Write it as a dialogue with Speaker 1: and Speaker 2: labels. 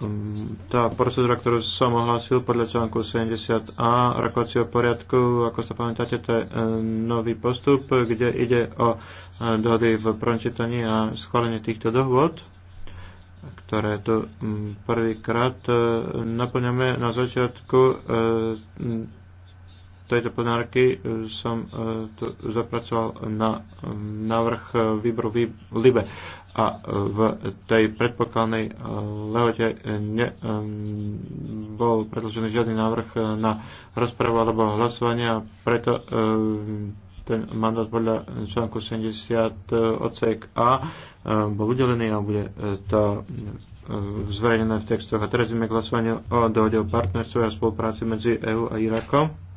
Speaker 1: Mm, tá procedúra, ktorú som ohlásil podľa článku 70a rokovacieho poriadku, ako sa pamätáte, to je e, nový postup, kde ide o e, dohody v prvom a schválenie týchto dohôd ktoré tu mm, prvýkrát e, naplňame na začiatku tejto plenárky e, som e, to zapracoval na e, návrh výboru LIBE a v tej predpokladnej lehote nebol predložený žiadny návrh na rozprávu alebo hlasovanie a preto ten mandát podľa článku 70 odsek A bol udelený a bude to zverejnené v textoch. A teraz ideme k hlasovaniu o dohode o partnerstve a spolupráci medzi EÚ a Irakom.